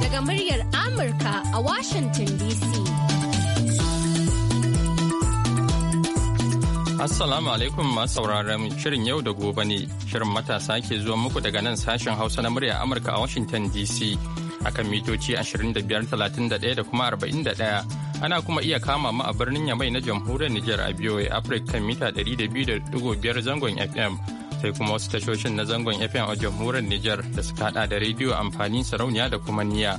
Daga muryar Amurka a Washington DC. Assalamu alaikum masu sauraron shirin yau da gobe ne. Shirin matasa ke zuwa muku daga nan sashen Hausa na muryar Amurka a Washington DC. akan mitoci 2531 da kuma 41 ana kuma iya kama mu a birnin yamai na jamhuriyar Nijar a BOA Africa kan mita 200.5 zangon FM sai kuma wasu tashoshin na zangon FM a jamhuriyar Nijar da suka hada da rediyo amfanin sarauniya da kuma niya.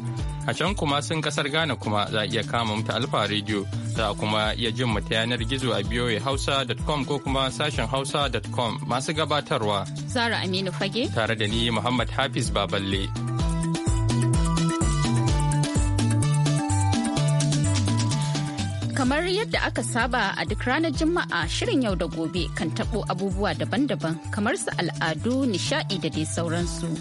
A can kuma sun kasar Ghana kuma za a iya kama mu ta Alfa Radio za a kuma iya jin mu ta yanar gizo a BOA Hausa.com ko kuma sashen Hausa.com masu gabatarwa. Zara Aminu Fage. Tare da ni Muhammad Hafiz Baballe. kamar yadda aka saba a duk ranar Juma'a shirin yau da gobe kan tabo abubuwa daban-daban kamar su al'adu, nishadi da dai sauransu.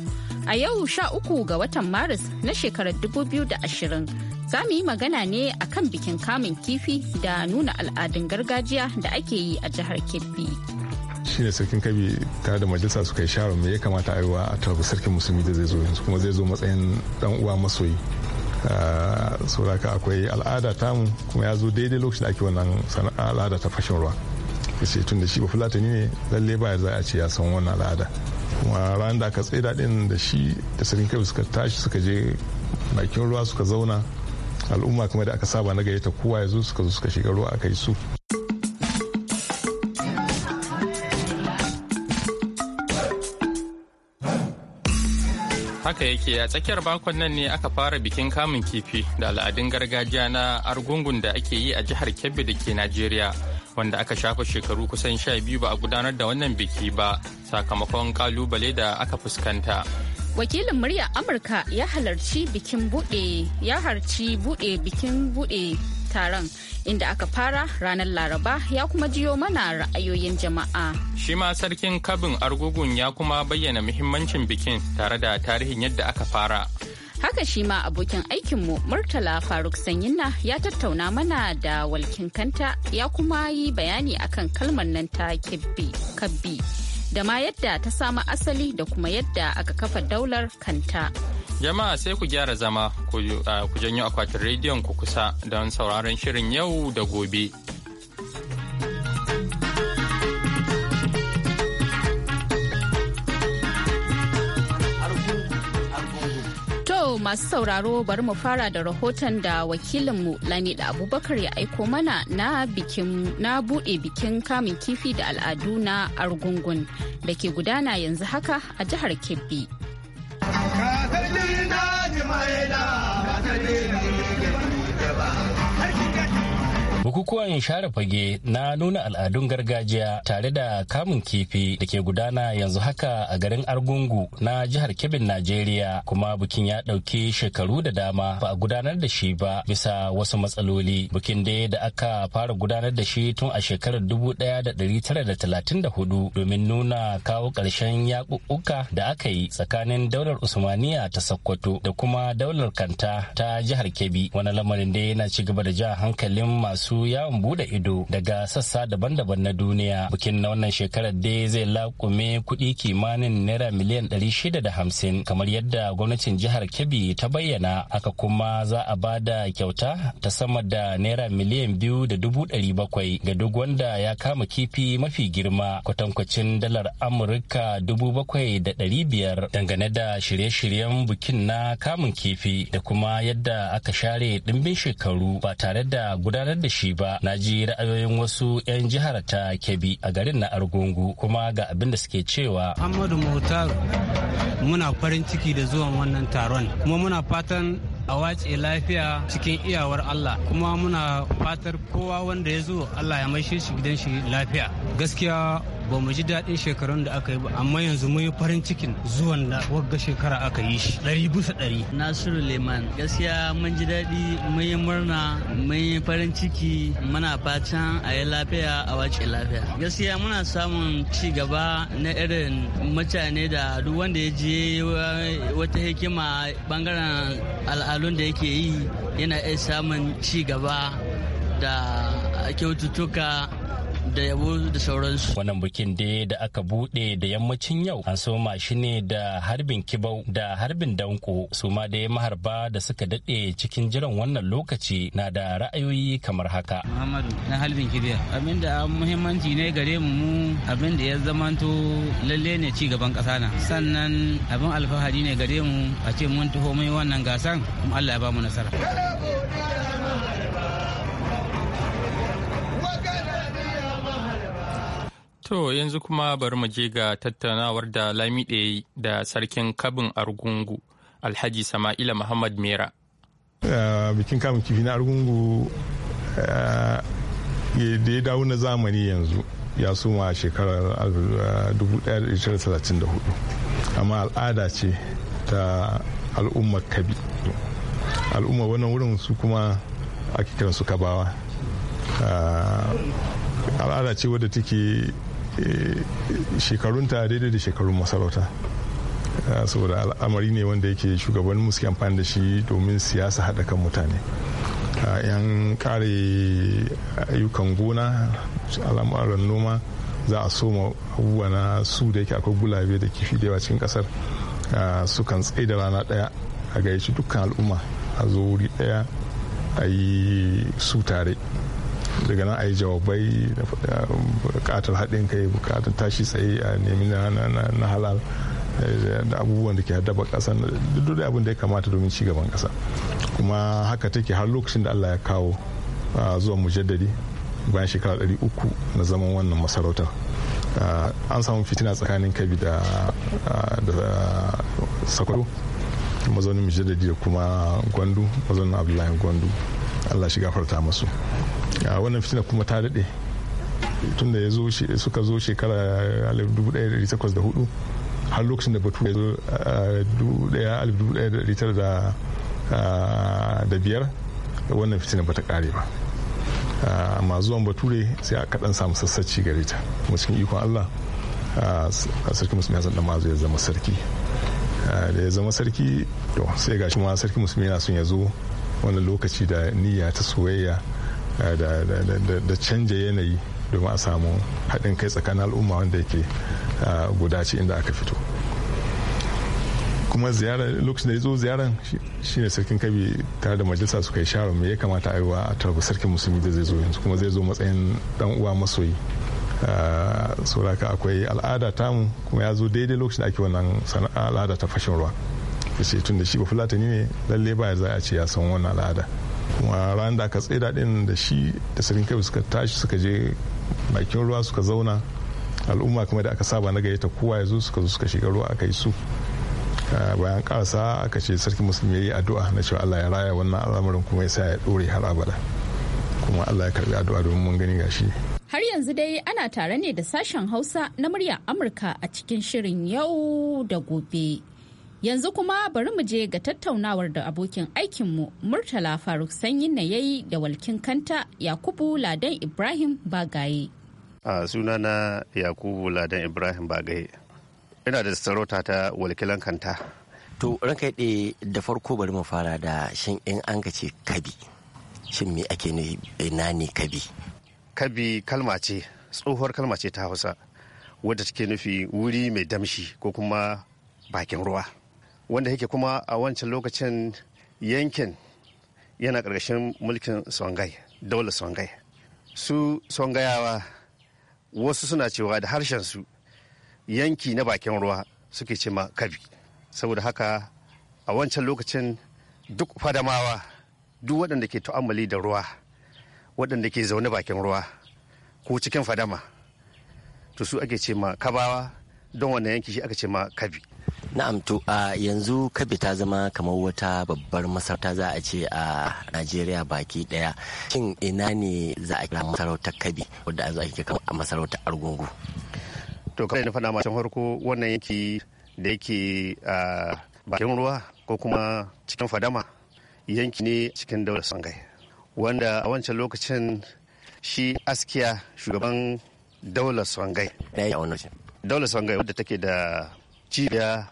A yau sha uku ga watan Maris na shekarar 2020 za mu yi magana ne akan bikin kamun kifi da nuna al'adun gargajiya da ake yi a jihar Kebbi. shi ne sarkin kabi tare da majalisa suka yi sharon me ya kamata a yi wa a tarbi sarkin musulmi da zai zo yanzu kuma zai zo matsayin dan uwa masoyi Eh, sauraka akwai al'ada tamu kuma ya zo daidai lokacin da ake wannan sana'a al'ada ta fashin ruwa kusa tun da shi ba fulatani ne lalle ba za a ce ya san wannan al'ada kuma ranar da aka tsaida din da shi da sarkin kai suka tashi suka je bakin ruwa suka zauna al'umma kuma da aka saba na gayyata kowa ya zo suka zo suka shiga ruwa aka yi su haka yake a tsakiyar bakon nan ne aka fara bikin kamun kifi da al'adun gargajiya na argungun da ake yi a jihar kebbi da ke najeriya wanda aka shafa shekaru kusan sha biyu ba a gudanar da wannan biki ba sakamakon kalubale da aka fuskanta wakilin murya amurka ya halarci bikin buɗe ya harci buɗe bikin buɗe. taron inda aka fara ranar laraba ya kuma jiyo mana ra'ayoyin jama'a. Shi ma sarkin kabin argugun ya kuma bayyana muhimmancin bikin tare da tarihin yadda aka fara. Haka shi ma abokin aikinmu Murtala Faruk Sanyinna ya tattauna mana da walkin kanta ya kuma yi bayani akan kalmar nan ta kibbi kabbi. da ma yadda ta samu asali da kuma yadda aka kafa daular kanta. Jama'a sai ku gyara zama ku ah, janyo akwatin rediyon ku kusa don sauraron shirin yau da gobe. masu sauraro bari mu fara da rahoton da wakilinmu Lamida Abubakar ya aiko mana na bikin buɗe bikin kamun kifi da al'adu na Argungun da ke gudana yanzu haka a jihar Kebbi. bukukuwan share fage na nuna al'adun gargajiya tare da kamun kifi da ke gudana yanzu haka a garin argungu na jihar kebin najeriya kuma bikin ya dauki shekaru da dama ba a gudanar da shi ba bisa wasu matsaloli bikin dai da aka fara gudanar da shi tun a shekarar dubu da da talatin hudu domin nuna kawo ƙarshen yaƙuƙuka da aka yi tsakanin daular usmaniya ta sakkwato da kuma daular kanta ta jihar kebbi wani lamarin dai yana ci gaba da jan hankalin masu yawon bude ido daga sassa daban-daban na duniya bikin na wannan shekarar dai zai lakume kuɗi kimanin naira miliyan da hamsin. kamar yadda gwamnatin jihar kebbi ta bayyana haka kuma za a ba da kyauta ta sama da naira miliyan biyu da dubu ɗari bakwai ga duk wanda ya kama kifi mafi girma kwatankwacin dalar amurka dubu bakwai da ɗari biyar dangane da shirye-shiryen bikin na kamun kifi da kuma yadda aka share ɗimbin shekaru ba tare da gudanar da shi ba na ji ra'ayoyin wasu 'yan jihar ta Kebbi a garin na Argungu kuma ga abin da suke cewa. Ahmadu Muhtar muna farin ciki da zuwan wannan taron kuma muna fatan a wace lafiya cikin iyawar Allah kuma muna fatar kowa wanda ya zo Allah ya maishe shi gidan shi lafiya gaskiya ba mu ji daɗin shekarun da aka yi ba amma yanzu mun yi farin cikin zuwan da wagga shekara aka yi shi ɗari bisa ɗari. Nasiru Leman gaskiya mun ji daɗi mun yi murna mun yi farin ciki muna fatan a yi lafiya a wace lafiya. Gaskiya muna samun ci gaba na irin mutane da duk wanda ya je wata hikima bangaren al'adun da yake yi yana iya samun ci gaba da kyaututtuka da yabo da sauransu. Wannan bikin dai da aka bude da yammacin yau an so mashi ne da harbin kibau da harbin danko su ma dai maharba da suka dade cikin jiran wannan lokaci na da ra'ayoyi kamar haka. Muhammadu na harbin kibiya abinda muhimmanci ne gare mu mu abin da ya zamanto lalle ne ci gaban ƙasa na sannan abin alfahari ne gare mu a ce mun taho mai wannan gasan kuma Allah ya ba mu nasara. To yanzu kuma bari mu je ga tattaunawar da Lamide da sarkin kabin Argungu Alhaji Sama'ila Muhammad Mera. Eh, bikin kamun kifi na Argungu eh, da ya dawo na zamani yanzu ya suma a shekarar 1934 eh, amma al'ada ce ta al'ummar kabi al'umma wannan wurin su kuma ake kiransu kabawa al'ada ce wadda take Eh, shekarunta daidai da shekarun masarauta ah, saboda al'amari ne wanda yake shugaban musu amfani da shi domin siyasa haɗa kan mutane ah, yan kare ayyukan gona al'amuran noma za a soma abubuwa na su da yake akwai gulabe da kifi da yawa cikin kasar ah, kan tsaye da rana ɗaya a gayyaci dukkan al'umma a zo wuri ɗaya a yi su tare daga nan a yi jawabai na bukatar haɗin kai bukatar tashi tsaye a nemi na halal eh, da abubuwan da ke haddaba ƙasa duk abin da ya kamata domin ci gaban ƙasa kuma haka take har lokacin da allah ya kawo zuwa mujaddadi bayan shekara uku na zaman wannan masarautar an samu fitina tsakanin kabi da sakwato mazaunin mujaddadi da kuma gwandu mazaunin abdullahi gwandu allah shi gafarta masu a wannan fitina kuma ta daɗe tun da suka zo shekara 1804 har lokacin da batu ya zo biyar. wannan fitina ba ta ƙare ba amma zuwan bature sai a kaɗan samu sassaci gare ta cikin ikon allah a sarki musulmi hassan dan mazu ya zama sarki da ya zama sarki to sai gashi ma sarki musulmi yana son ya zo wani lokaci da niyya ta soyayya da canja yanayi domin a samu haɗin kai tsakanin al'umma wanda yake guda ce inda aka fito kuma ziyarar lokacin da ya zo ziyarar ne sarkin kabi tare da majalisa suka yi sharon me ya kamata a yi wa tarbi sarkin musulmi da zai zo yanzu kuma zai zo matsayin dan uwa masoyi sauraka akwai al'ada tamu kuma ya zo daidai lokacin da ake wannan al'ada ta fashin ruwa ce tun da shi ba fulatani ne lalle ba ya za a ce ya san wannan al'ada kuma ranar da aka tsaida din da shi da sirin kai suka tashi suka je bakin ruwa suka zauna al'umma kuma da aka saba na gayyata kowa ya zo suka zo suka shiga ruwa aka yi su ah, bayan karasa aka ce sarki musulmi ya yi addu'a na cewa allah ya raya wannan al'amarin kuma ya sa ya dore har abada kuma allah ya karbi addu'a domin mun gani gashi har yanzu dai ana tare ne da sashen hausa na murya amurka a cikin shirin yau da gobe Yanzu kuma bari mu je ga tattaunawar da abokin aikinmu Murtala Faruk sanyi na yayi da walkin kanta Yakubu Ladan Ibrahim Bagaye. A sunana Yakubu Ladan Ibrahim Bagaye. Ina da sarauta ta walkilan kanta. To ranka da farko bari mu fara da shin in an ce kabi. Shin me ake ina ne kabi? Kabi kalma ce, tsohuwar kalma ce ta Hausa, wadda take nufi wuri mai damshi ko kuma bakin ruwa. wanda yake kuma a wancan lokacin yankin yana karkashin mulkin songai daular songai su songayawa wasu suna cewa da harshen su yanki na bakin ruwa suke ce ma kabi saboda haka a wancan lokacin duk fadamawa duk waɗanda ke tu'ammali da ruwa waɗanda ke zaune bakin ruwa ko cikin fadama to su ake ce ma kabawa don wannan yanki shi aka ce ma kabi Na'am to a yanzu kabi ta zama kamar wata babbar masarauta za a ce a Najeriya baki daya. Shin ina ne za a kira masarautar kabi wadda a ake kama a masarautar Argungu? To kamar da fada macen harko wannan yanki da yake a bakin ruwa ko kuma cikin fadama yanki ne cikin daular sangai wanda a wancan lokacin shi askiya shugaban daular sangai daular sangai wadda take da cibiya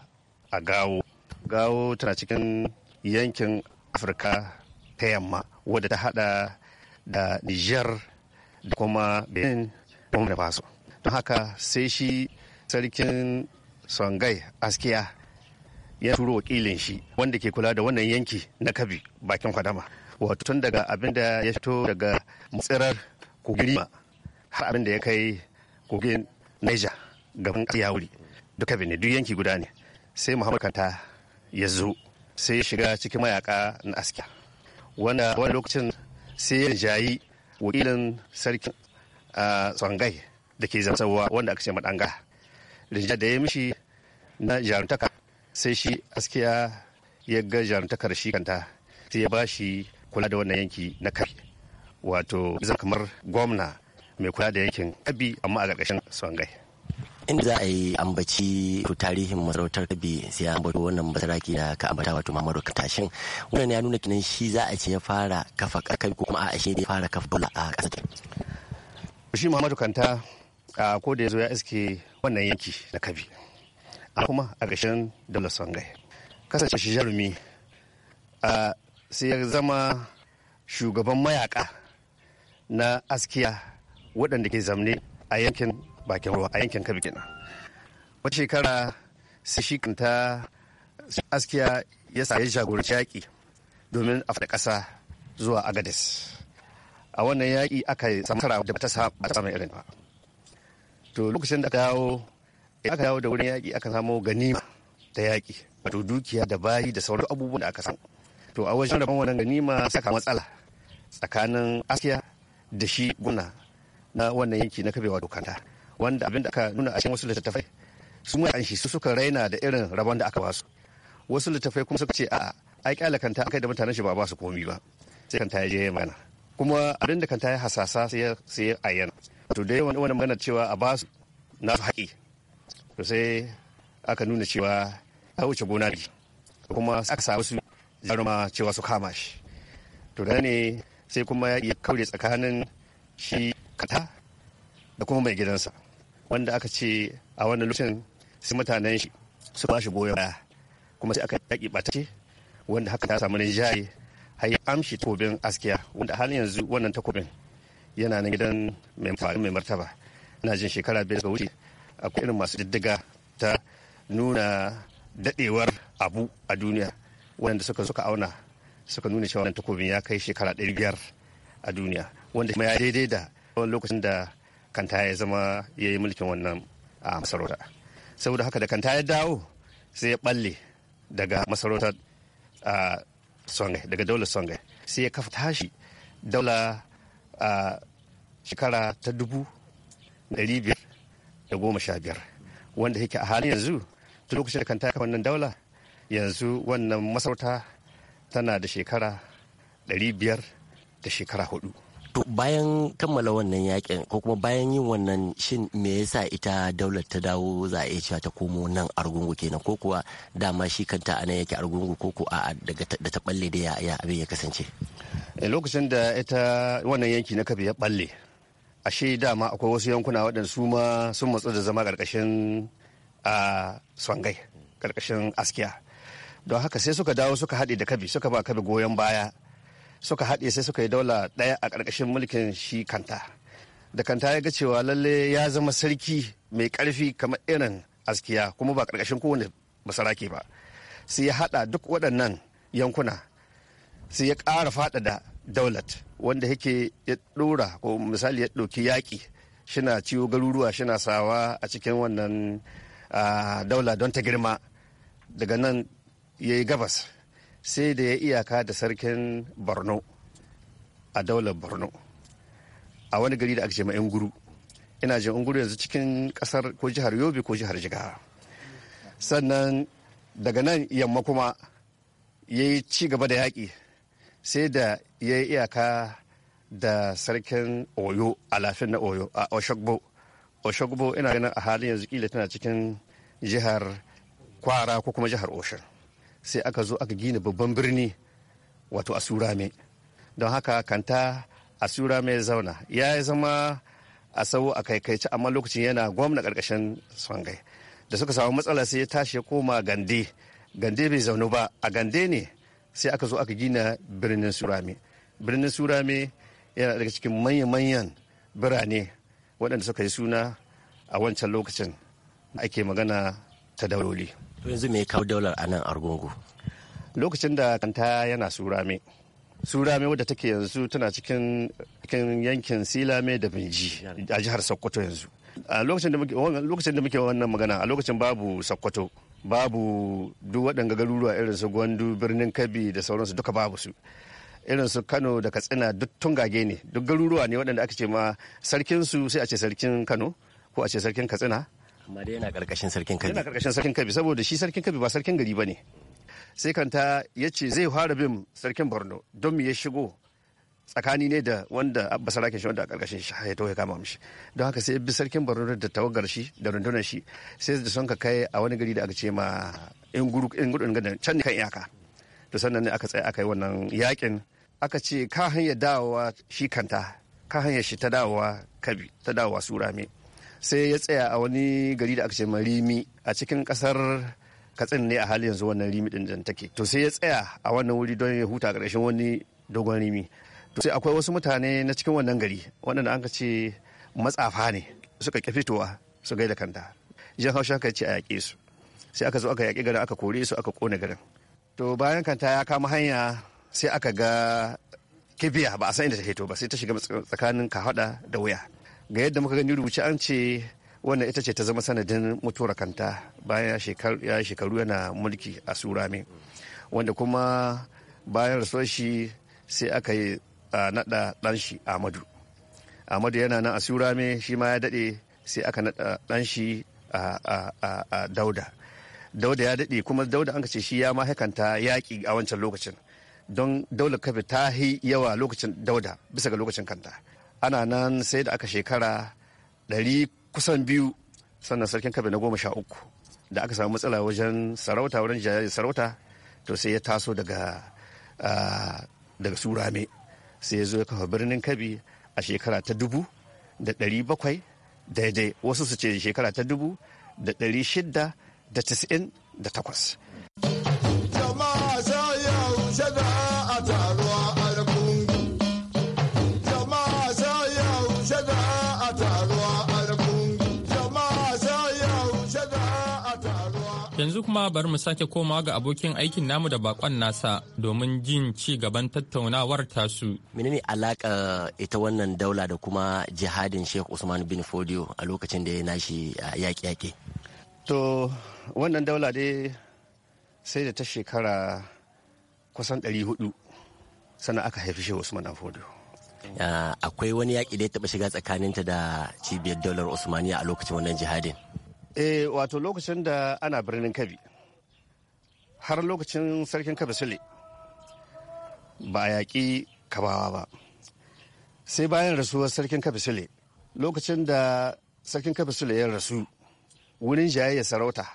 a gawo gawo tana cikin yankin afirka ta yamma wadda ta hada da niger da kuma benin kuma da faso don haka sai shi sarkin songai askiya ya turo wakilin shi wanda ke kula da wannan yanki na kabi bakin kwadama wato tun daga abin da ya fito daga matsirar kogin ma har abin da ya kai kogin niger gaban yawuri duka ne duk yanki guda ne sai muhammad kanta ya zo sai ya shiga cikin mayaka na aska wanda wani lokacin sai ya jayi wakilin sarkin tsangai da ke zamsarwa wanda aka ce maɗanga rinja da ya mishi na jaruntaka sai shi askiya ya ga jaruntakar shi kanta sai ya ba shi kula da wannan yanki na kai wato kamar gwamna mai kula da yankin kabi amma a ƙarƙashin tsangai inda za a yi ambaci tarihin masarautar kabi sai an ambaci wannan masaraki da ka ambata wato ka katashin wannan ya nuna kinan shi za a ce ya fara kafa kabi ko kuma a shi ne ya fara kafa bula a ƙasar shi mamadu kanta a ko da ya zo ya iske wannan yanki na kabi a kuma a gashin daular songai kasance shi jarumi a sai ya zama shugaban mayaka na askiya waɗanda ke zamne a yankin bakin ruwa a yankin kabi kenan wata shekara sai shi kanta askiya ya sa ya jagoranci yaƙi domin a faɗi ƙasa zuwa agades a wannan yaƙi aka samu kara da ta samun irin ba to lokacin da aka dawo aka dawo da wurin yaƙi aka samo ganima ta yaƙi wato dukiya da bayi da sauran abubuwan da aka samu to a wajen rabon wannan ganima saka matsala tsakanin askiya da shi guna na wannan yanki na kabewa dokanta wanda abin da aka nuna a cikin wasu littattafai su mai shi su suka raina da irin rabon da aka basu wasu littattafai kuma suka ce a ai kyala kanta akai da mutanen shi ba ba su komi ba sai kanta ya je ya mana kuma abin da kanta ya hasasa sai ya ayyana to da yawan wani magana cewa a ba su nasu haƙi to sai aka nuna cewa a wuce gona ne kuma aka sa wasu jaruma cewa su kama shi to da ne sai kuma ya kaure tsakanin shi kata da kuma mai gidansa wanda aka ce a wannan lokacin sai mutanen shi su ba shi goyon baya kuma sai aka yaƙi ce, wanda haka ta samu rinjaye har ya amshi takobin askiya wanda har yanzu wannan takobin yana nan gidan mai martaba ina jin shekara biyar da wuce akwai irin masu diddiga ta nuna daɗewar abu a duniya wanda suka suka auna suka nuna cewa wannan takobin ya kai shekara ɗari biyar a duniya wanda kuma ya daidai da wani lokacin da kanta ya zama ya yi mulkin wannan a masarauta saboda haka da kanta ya dawo sai ya balle daga masarautar songai daga daular songai sai ya kafa tashi daula a shekara ta dubu dari biyar da goma sha biyar wanda yake a halin yanzu ta lokacin da kanta ya kafa wannan daula yanzu wannan masarauta tana da shekara dari biyar da shekara hudu To bayan kammala wannan yakin ko kuma bayan yin wannan shin me yasa ita daular ta dawo za a iya cewa ta komo nan argungu kenan ko kuwa dama shi kanta ana yake argungu ko ko a da ta balle da ya abin ya kasance. Eh, lokacin da ita wannan yanki na kabi ya balle ashe dama akwai wasu yankuna waɗanda su ma sun matsu da zama ƙarƙashin a swangai ƙarƙashin askiya don haka sai suka dawo suka haɗe da kabi suka ba kabi goyon baya suka haɗe sai suka yi daula ɗaya a ƙarƙashin mulkin shi kanta da kanta ya ga cewa lalle ya zama sarki mai ƙarfi kamar irin askiya kuma ba ƙarƙashin kowane basarake ba sai ya haɗa duk waɗannan yankuna sai ya ƙara faɗaɗa daulat wanda yake ya ɗora ko misali ya ɗauki yaƙi shina ciwo garuruwa shina sawa a cikin wannan ah, daula don ta girma daga nan ya yi gabas sai da ya iyaka da sarkin borno a daular borno a wani gari da aka ce ma inguru ina jin inguru yanzu cikin kasar ko jihar yobe ko jihar jigawa sannan daga nan yamma kuma ya yi ci gaba da yaƙi sai da ya yi iyaka da sarkin oyo a lafin na oyo a oshogbo oshogbo ina ganin a halin yanzu kila tana cikin jihar kwara ko kuma jihar oshin sai aka zo aka gina babban birni wato asurame don haka kanta asurame ya zauna ya zama a sau a kaikaici amma lokacin yana gwamna karkashin sangai da suka samu matsala sai ya tashi ya koma gande gande bai zaunu ba a gande ne sai aka zo aka gina birnin surame birnin surame yana daga cikin manya-manyan birane waɗanda suka yi suna a wancan lokacin ake magana ta dauroli. To yanzu me kawo daular a nan Argungu? Lokacin da kanta yana surame. Surame wadda take yanzu tana cikin yankin Silame da Binji a jihar Sokoto yanzu. A lokacin da muke wannan magana a lokacin babu Sokoto. Babu duk waɗanga garuruwa irin su Gwandu, birnin Kabi da sauransu duka babu su. irin su kano da katsina duk tungage ne duk garuruwa ne waɗanda aka ce ma sarkin su sai a ce sarkin kano ko a ce sarkin katsina amma dai yana karkashin sarkin kabi yana karkashin sarkin kabi saboda shi sarkin kabi ba sarkin gari bane sai kanta ya ce zai fara bin sarkin borno don mu ya shigo tsakani ne da wanda abba sarakin shi wanda a karkashin shi ya ya kama mishi don haka sai bi sarkin borno da tawagar shi da rundunar shi sai da sonka ka kai a wani gari da aka ce ma in guru in gudu can kan iyaka to sannan ne aka tsaya aka yi wannan yakin aka ce ka hanya dawowa shi kanta ka hanya shi ta dawowa kabi ta dawowa surame sai ya tsaya a wani gari da aka ce marimi a cikin kasar katsin ne a halin yanzu wannan rimi din jan take to sai ya tsaya a wannan wuri don ya huta karshen wani dogon rimi to sai akwai wasu mutane na cikin wannan gari waɗanda an ka ce matsafa ne suka ƙi fitowa su gaida kanta jan haushi aka ce a yaƙe su sai aka zo aka yaƙi garin aka kore su aka ƙone garin to bayan kanta ya kama hanya sai aka ga kibiya ba a san inda ta to ba sai ta shiga tsakanin kahada da wuya ga yadda muka gani rubuce an ce wannan ita ce ta zama sanadin mutuwar kanta bayan ya shekaru yana mulki a surame wanda kuma bayan rasuwar shi sai aka yi naɗa ɗanshi amadu amadu yana nan a surame shi ma ya daɗe sai aka naɗa ɗanshi shi a dauda dauda ya daɗe kuma dauda an ce shi ya mahaikanta yaƙi a wancan lokacin don daular kafe ta yi yawa lokacin dauda bisa ga lokacin kanta ana nan sai da aka shekara ɗari kusan biyu sannan sarkin kabe na goma sha uku da aka samu matsala wajen sarauta wurin jayayi sarauta to sai ya taso daga daga surame sai ya zo ya kafa birnin kabi a shekara ta dubu da ɗari bakwai daidai wasu su ce shekara ta dubu da ɗari shidda da tis'in da takwas yanzu kuma bari mu sake komawa ga abokin aikin namu da bakon nasa domin jin ci gaban tattaunawar tasu. Menene alaka eh, ita wannan daula da kuma jihadin Sheikh Usman bin Fodio a lokacin da ya nashi eh, yaƙi-yaƙi? To wannan daula dai sai da ta shekara kusan ɗari hudu sannan aka haifi Sheikh Usman bin Fodio. Akwai wani yaƙi da ya taɓa shiga tsakaninta da cibiyar daular Usmaniya a lokacin wannan jihadin? eh wato lokacin da ana birnin kabi har lokacin sarkin kabi sule ba a yaƙi kabawa ba sai bayan rasuwar sarkin kabi sule lokacin da sarkin kabi sule ya rasu wurin jayayya sarauta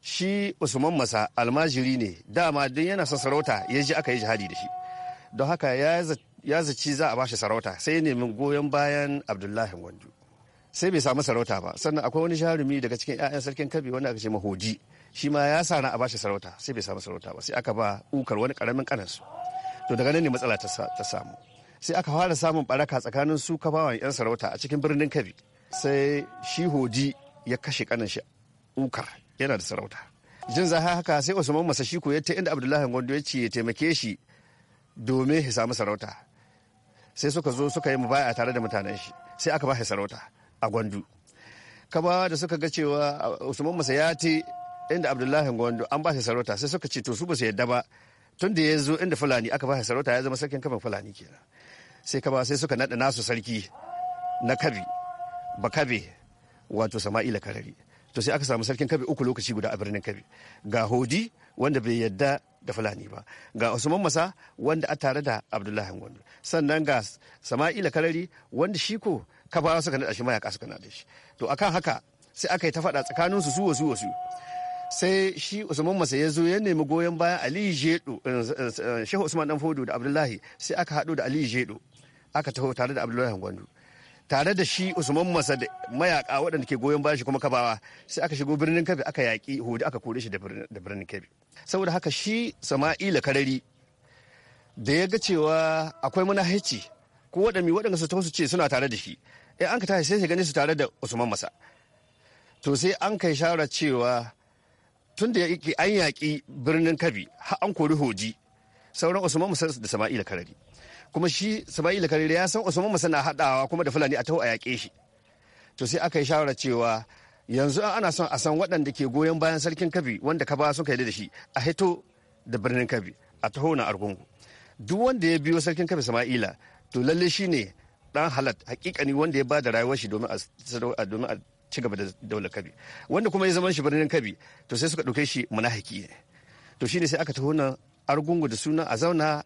shi usman masa almajiri ne dama don yana son sarauta ya ji aka yi jihadi da shi don haka ya zaci za a bashi sarauta sai ya nemi goyon bayan abdullahi wanju sai bai samu sarauta ba sannan akwai wani jarumi daga cikin 'ya'yan sarkin kabi wanda aka ce mahoji shi ma ya sa a bashi sarauta sai bai samu sarauta ba sai aka ba ukar wani karamin kanansu to daga nan ne matsala ta samu sai aka fara samun baraka tsakanin su kabawan 'yan sarauta a cikin birnin kabi sai shi hoji ya kashe kanan shi ukar yana da sarauta jin za haka sai usman masashiko ya ta inda abdullahi gondo ya ce ya taimake shi domin ya samu sarauta sai suka zo suka yi baya tare da mutanen shi sai aka ba shi sarauta a gwandu kaba da suka ga cewa usman masayati inda abdullahi gwandu an ba shi sarauta sai suka ce to su ba su yadda ba tun da ya zo inda fulani aka ba shi sarauta ya zama sarkin kafin fulani kenan sai kaba sai suka naɗa nasu sarki na kabi bakabe wato sama'ila karari to sai aka samu sarkin kabi uku lokaci guda a birnin kabi ga hodi wanda bai yadda da fulani ba ga usman masa wanda a tare da abdullahi gwandu sannan ga sama'ila karari wanda shi ko kabawa suka naɗa shi mayaka suka naɗa shi to akan haka sai aka yi ta faɗa tsakanin su su wasu wasu sai shi usman masa ya zo ya nemi goyon bayan aliyu jedo eh, eh, shehu usman dan fodo da abdullahi sai aka haɗu da aliyu jedo aka taho tare da abdullahi gwandu tare da shi usman masa da mayaka waɗanda ke goyon bayan shi kuma kabawa sai aka shigo birnin kabe aka yaƙi hudu aka kore shi da birnin kabe saboda haka shi sama'ila karari da ya ga cewa akwai haici ko waɗanda waɗanda su taho su ce suna tare da shi in an ka tashi sai gani su tare da usman masa to sai an kai shawara cewa tun da yake an yaƙi birnin kabi har an kori hoji sauran usman masa da sama'ila karari kuma shi sama'ila karari ya san usman masa na haɗawa kuma da fulani a taho a yaƙe shi to sai aka yi shawara cewa yanzu ana son a san waɗanda ke goyon bayan sarkin kabi wanda kaba suka yi da shi a hito da birnin kabi a taho na argungu duk wanda ya biyo sarkin kabi sama'ila to lalle shi ne dan halat hakikani wanda ya bada rayuwar shi domin a domin a ci gaba da daular kabi wanda kuma ya zama shi birnin kabi to sai suka ɗauke shi munahiki ne to shine sai aka taho nan argungu da suna a zauna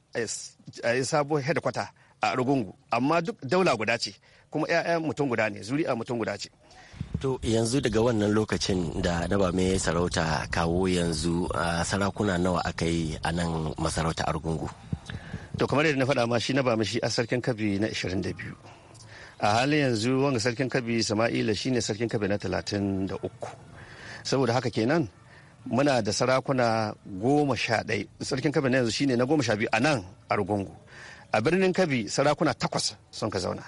a yi sabo kwata a argungu amma duk daula guda ce kuma 'ya'yan mutum guda ne zuri'a mutum guda ce To yanzu daga wannan lokacin da na ba mai sarauta kawo yanzu sarakuna nawa aka yi a nan masarauta argungu? to kamar yadda na faɗa ma shi na ba shi a sarkin kabi na 22 a halin yanzu wanga sarkin kabi sama'ila shine sarkin kabi na 33 saboda haka kenan muna da sarakuna goma sha ɗai sarkin kabi na yanzu shine na goma sha biyu a nan a rugungu a birnin kabi sarakuna takwas sun ka zauna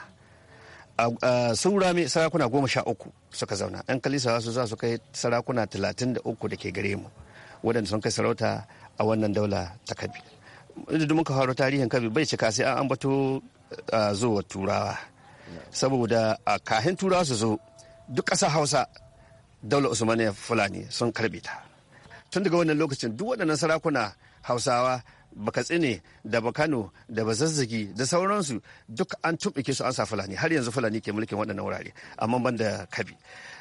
sun rami sarakuna goma sha uku suka zauna ɗan kalisa su za su kai sarakuna talatin da uku da ke gare mu waɗanda sun kai sarauta a wannan daula ta kabi inda muka haro tarihin kabi bai cika sai an ambato zuwa turawa saboda a kahin turawa su zo duk ƙasar hausa daular usmaniya fulani sun karbe ta tun daga wannan lokacin duk waɗannan sarakuna hausawa baka tsine da bakano da bazazzagi da sauransu duk an tumɓuke su an sa fulani har yanzu fulani ke mulkin waɗannan wurare amma ban da kabi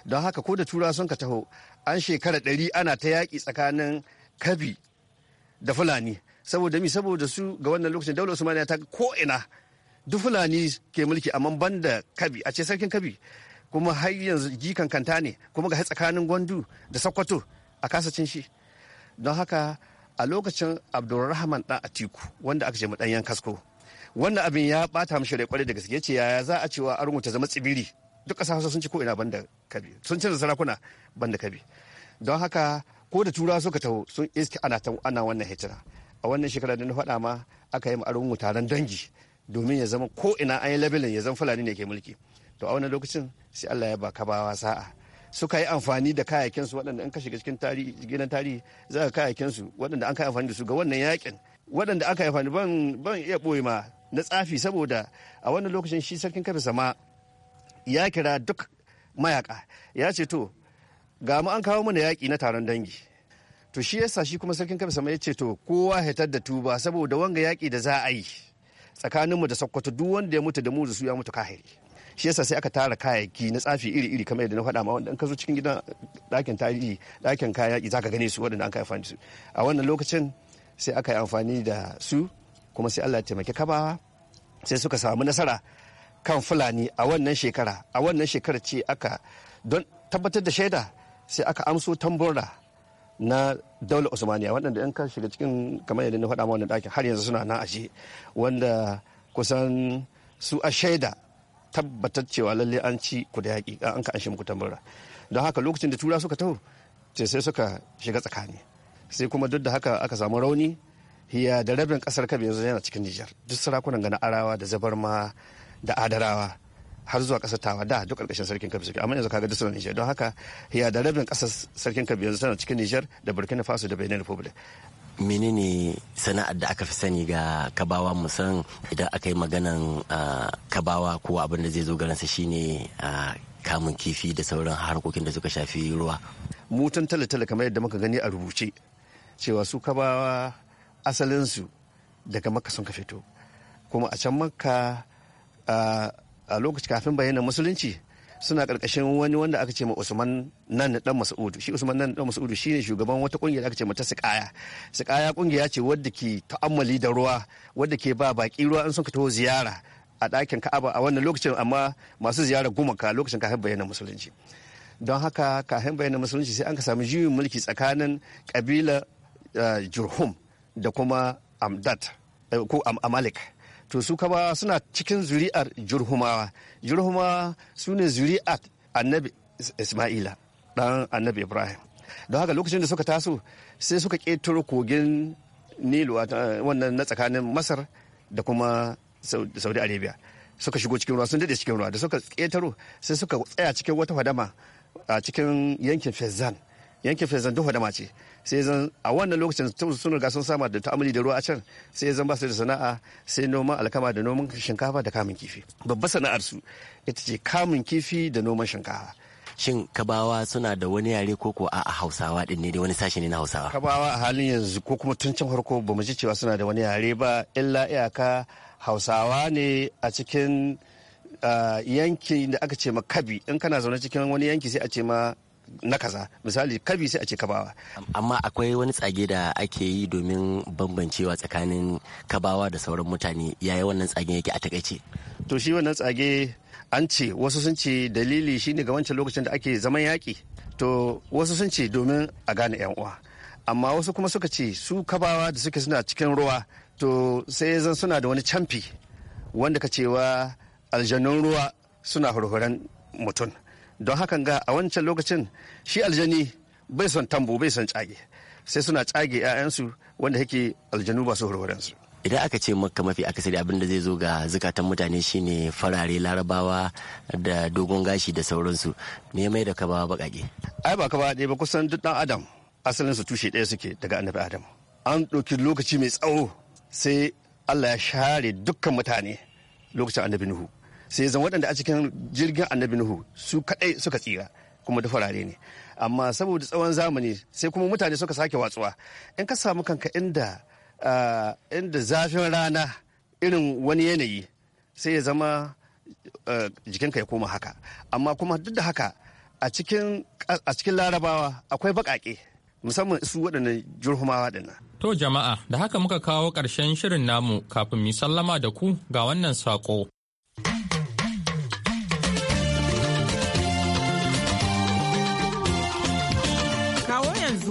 don haka ko da tura sun ka taho an shekara ɗari ana ta yaƙi tsakanin kabi da fulani saboda mi saboda su ga wannan lokacin daular usmaniya ta ko ina duk fulani ke mulki amma banda kabi a ce sarkin kabi kuma har yanzu jikan kanta ne kuma ga tsakanin gwandu da sakwato a kasacin shi don haka a lokacin abdulrahman dan atiku wanda aka ce dan kasko wannan abin ya bata mishi rai kwarai da gaske yace yaya za a cewa arungu ta zama tsibiri duk ƙasa sun ci ko ina banda kabi sun ci da sarakuna banda kabi don haka ko da turawa suka taho sun iski ana ta ana wannan hijira a wannan shekara da na faɗa ma aka yi ma'arin mu taron dangi domin ya zama ko ina an yi labelin ya zama fulani ne ke mulki to a wannan lokacin sai Allah ya baka bawa sa'a suka yi amfani da kayayyakin su waɗanda an ka shiga cikin tarihi gidan tarihi za ka kayayyakin su waɗanda an kai amfani da su ga wannan yakin waɗanda aka yi amfani ban ban iya boye ma na tsafi saboda a wannan lokacin shi sarkin kafa sama ya kira duk mayaka ya ce to ga mu an kawo mana yaƙi na taron dangi to shi yasa shi kuma sarkin kafa sama ya ce to kowa hitar da tuba saboda wanga yaƙi da za a yi tsakaninmu da sakkwato duk wanda ya mutu da mu da su ya mutu kahiri shi yasa sai aka tara kayayyaki na tsafi iri-iri kamar yadda na faɗa ma wanda in ka zo cikin gidan ɗakin tarihi ɗakin kayan yaƙi zaka gane su waɗanda an ka amfani su a wannan lokacin sai aka yi amfani da su kuma sai Allah ya taimaki kabawa sai suka samu nasara kan fulani a wannan shekara a wannan shekara ce aka don tabbatar da shaida sai aka amso tambura na daular usmaniya waɗanda yan ka shiga cikin kamar yadda na faɗa ma wannan ɗakin har yanzu suna nan ashe wanda kusan su a shaida tabbatar cewa lalle an ci ku da yaƙi an ka an shi muku tamburra don haka lokacin da tura suka taho sai suka shiga tsakani sai kuma duk da haka aka samu rauni hiya da rabin kasar kabe yanzu yana cikin nijar duk sarakunan gana arawa da zabarma da adarawa har zuwa kasar tawa da duk karkashin sarkin kabi suke amma yanzu kaga duk suna nijar don haka ya da rabin kasar sarkin kabi yanzu tana cikin nijar da Burkina Faso da Benin Republic menene sana'ar da aka fi sani ga kabawa musan idan aka yi maganan ah, kabawa ko abin da zai zo garinsa shine ah, kamun kifi da sauran harkokin da suka shafi ruwa mutan tale-tale kamar yadda muka gani a rubuce cewa su kabawa asalinsu daga maka sun ka fito kuma a can makka ah, a lokaci kafin bayyana musulunci suna karkashin wani wanda aka ce ma Usman nan dan Mas'udu shi Usman nan dan Mas'udu shine shugaban wata kungiya da aka ce mata Sikaya Sikaya kungiya ce wadda ke ta'ammali da ruwa wadda ke ba baki ruwa in sun ka taho ziyara a dakin Ka'aba a wannan lokacin amma masu ziyara gumaka lokacin kafin bayyana musulunci don haka kafin bayyana musulunci sai an ka samu juyin mulki tsakanin kabila eh, Jurhum da kuma Amdat eh, ko Amalek to su kama suna cikin zuri'ar jurhumawa jurhumawa su ne zuri'ar annabi isma'ila dan annabi ibrahim don haka lokacin da suka taso sai suka ƙetare kogin nilu wannan na tsakanin masar da kuma saudi arabia suka shigo cikin ruwa sun daɗe cikin ruwa da suka ƙetaro sai suka tsaya cikin wata fadama a cikin yankin fezzan yankin fesan duhu da mace sai zan a wannan lokacin sun riga sun sama da ta'amuli da ruwa a can sai zan ba su da sana'a sai noman alkama da noman shinkafa da kamun kifi babbar sana'ar su ita ce kamun kifi da noman shinkafa shin kabawa suna da wani yare ko ko a hausawa din ne da wani sashi ne na hausawa kabawa a halin yanzu ko kuma tun can farko bamu ji cewa suna da wani yare ba illa iyaka hausawa ne a cikin ah, yanki da aka ce ma kabi in kana zaune cikin wani yanki sai a ce ma na kaza misali kabi sai a ce kabawa amma akwai wani tsage da ake yi domin bambancewa tsakanin kabawa da sauran mutane yaya wannan tsage yake a takaice to shi wannan tsage an ce wasu sun ce dalili shine ga wancan lokacin da ake zaman yaƙi to wasu sun ce domin a gane yan uwa amma wasu kuma suka ce su kabawa da suke suna cikin ruwa to sai zan suna da wani camfi wanda ka cewa aljanun ruwa suna hurhuran mutum don hakan ga a wancan lokacin shi aljani bai son tambo bai son cage sai suna tsage 'ya'yansu wanda yake aljanu ba su su idan aka ce maka mafi akasari abin da zai zo ga zukatan mutane shine farare larabawa da dogon gashi da sauransu ne mai da ka ba bakake ai ba ka ba ba kusan duk dan adam asalin su tushe ɗaya suke daga annabi adam an ɗauki lokaci mai tsawo sai allah ya share dukkan mutane lokacin annabi nuhu sai zan waɗanda a cikin jirgin annabi nuhu su kaɗai suka tsira kuma da farare ne amma saboda tsawon zamani sai kuma mutane suka sake watsuwa in ka samu kanka inda zafin rana irin wani yanayi sai ya zama jikinka ya koma haka amma kuma duk da haka a cikin larabawa akwai baƙaƙe musamman su waɗanda jurhumawa ɗin To jama'a da haka muka kawo ƙarshen shirin namu kafin mu sallama da ku ga wannan saƙo.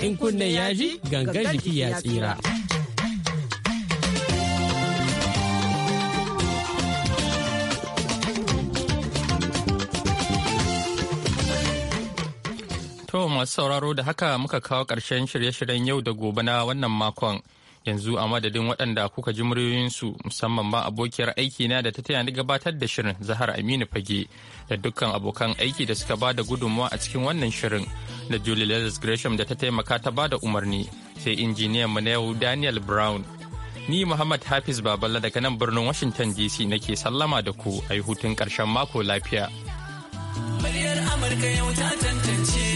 in kunne ya ji gangan jiki ya tsira. To masu sauraro da haka muka kawo ƙarshen shirye-shiryen yau da gobe na wannan makon. yanzu a madadin waɗanda kuka ji muryoyinsu musamman ma abokiyar aiki na da ta taya ni gabatar da shirin zahar aminu fage da dukkan abokan aiki da suka bada gudunmawa a cikin wannan shirin da julie gresham da ta taimaka ta bada umarni sai injiniyan mu na yau daniel brown ni muhammad hafiz baballa daga nan birnin washington dc nake sallama da ku a hutun karshen mako lafiya. Muryar Amurka yau ta tantance